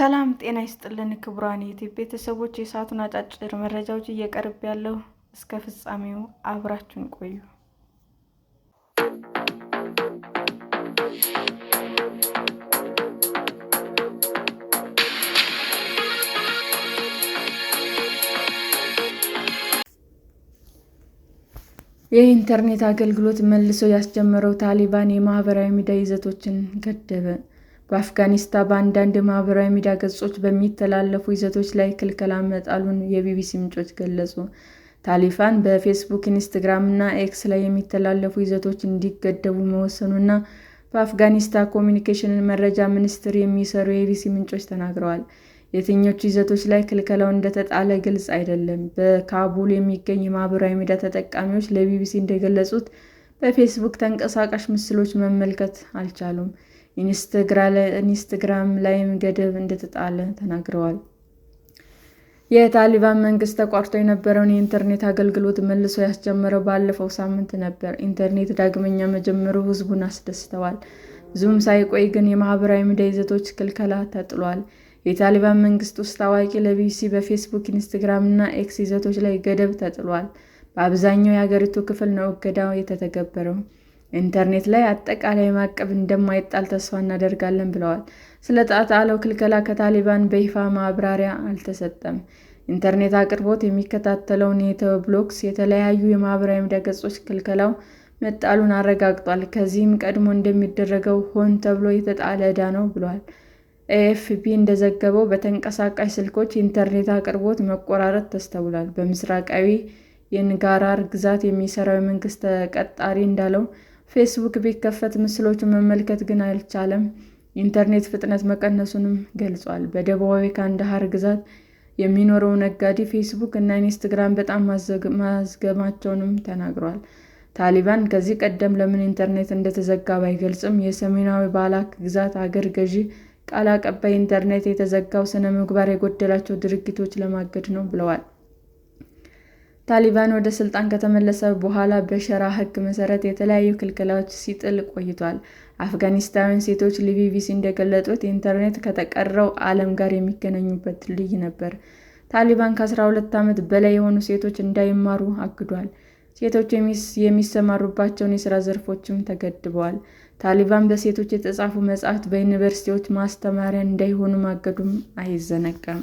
ሰላም ጤና ይስጥልን ክቡራን ዩቲዩብ ቤተሰቦች፣ የሰዓቱን አጫጭር መረጃዎች እየቀርብ ያለው እስከ ፍጻሜው አብራችሁን ቆዩ። የኢንተርኔት አገልግሎት መልሶ ያስጀመረው ታሊባን የማህበራዊ ሚዲያ ይዘቶችን ገደበ። በአፍጋኒስታን በአንዳንድ ማህበራዊ ሚዲያ ገጾች በሚተላለፉ ይዘቶች ላይ ክልከላ መጣሉን የቢቢሲ ምንጮች ገለጹ። ታሊባን በፌስቡክ፣ ኢንስታግራም እና ኤክስ ላይ የሚተላለፉ ይዘቶች እንዲገደቡ መወሰኑና በአፍጋኒስታን ኮሚኒኬሽን መረጃ ሚኒስቴር የሚሰሩ የቢቢሲ ምንጮች ተናግረዋል። የትኞቹ ይዘቶች ላይ ክልከላው እንደተጣለ ግልጽ አይደለም። በካቡል የሚገኙ የማህበራዊ ሚዲያ ተጠቃሚዎች ለቢቢሲ እንደገለጹት በፌስቡክ ተንቀሳቃሽ ምስሎች መመልከት አልቻሉም። ኢንስትግራም ላይም ገደብ እንደተጣለ ተናግረዋል። የታሊባን መንግስት ተቋርጦ የነበረውን የኢንተርኔት አገልግሎት መልሶ ያስጀመረው ባለፈው ሳምንት ነበር። ኢንተርኔት ዳግመኛ መጀመሩ ህዝቡን አስደስተዋል። ብዙም ሳይቆይ ግን የማህበራዊ ሚዲያ ይዘቶች ክልከላ ተጥሏል። የታሊባን መንግስት ውስጥ ታዋቂ ለቢቢሲ በፌስቡክ፣ ኢንስታግራም እና ኤክስ ይዘቶች ላይ ገደብ ተጥሏል። በአብዛኛው የአገሪቱ ክፍል ነው እገዳው የተተገበረው። ኢንተርኔት ላይ አጠቃላይ ማዕቀብ እንደማይጣል ተስፋ እናደርጋለን ብለዋል። ስለ የተጣለው ክልከላ ከታሊባን በይፋ ማብራሪያ አልተሰጠም። ኢንተርኔት አቅርቦት የሚከታተለው ብሎክስ የተለያዩ የማህበራዊ ሚዲያ ገጾች ክልከላው መጣሉን አረጋግጧል። ከዚህም ቀድሞ እንደሚደረገው ሆን ተብሎ የተጣለ ዕዳ ነው ብሏል። ኤኤፍፒ እንደዘገበው በተንቀሳቃሽ ስልኮች ኢንተርኔት አቅርቦት መቆራረጥ ተስተውሏል። በምስራቃዊ የንጋራር ግዛት የሚሰራው የመንግስት ተቀጣሪ እንዳለው ፌስቡክ ቢከፈት ምስሎቹን መመልከት ግን አልቻለም። ኢንተርኔት ፍጥነት መቀነሱንም ገልጿል። በደቡባዊ ካንዳሃር ግዛት የሚኖረው ነጋዴ ፌስቡክ እና ኢንስታግራም በጣም ማዝገማቸውንም ተናግሯል። ታሊባን ከዚህ ቀደም ለምን ኢንተርኔት እንደተዘጋ ባይገልጽም፣ የሰሜናዊ ባላክ ግዛት አገር ገዢ ቃል አቀባይ ኢንተርኔት የተዘጋው ስነ ምግባር የጎደላቸው ድርጊቶች ለማገድ ነው ብለዋል። ታሊባን ወደ ስልጣን ከተመለሰ በኋላ በሸራ ሕግ መሰረት የተለያዩ ክልክላዎች ሲጥል ቆይቷል። አፍጋኒስታውያን ሴቶች ለቢቢሲ እንደገለጡት ኢንተርኔት ከተቀረው ዓለም ጋር የሚገናኙበት ድልድይ ነበር። ታሊባን ከ12 ዓመት በላይ የሆኑ ሴቶች እንዳይማሩ አግዷል። ሴቶች የሚሰማሩባቸውን የሥራ ዘርፎችም ተገድበዋል። ታሊባን በሴቶች የተጻፉ መጻሕፍት በዩኒቨርሲቲዎች ማስተማሪያ እንዳይሆኑ ማገዱም አይዘነጋም።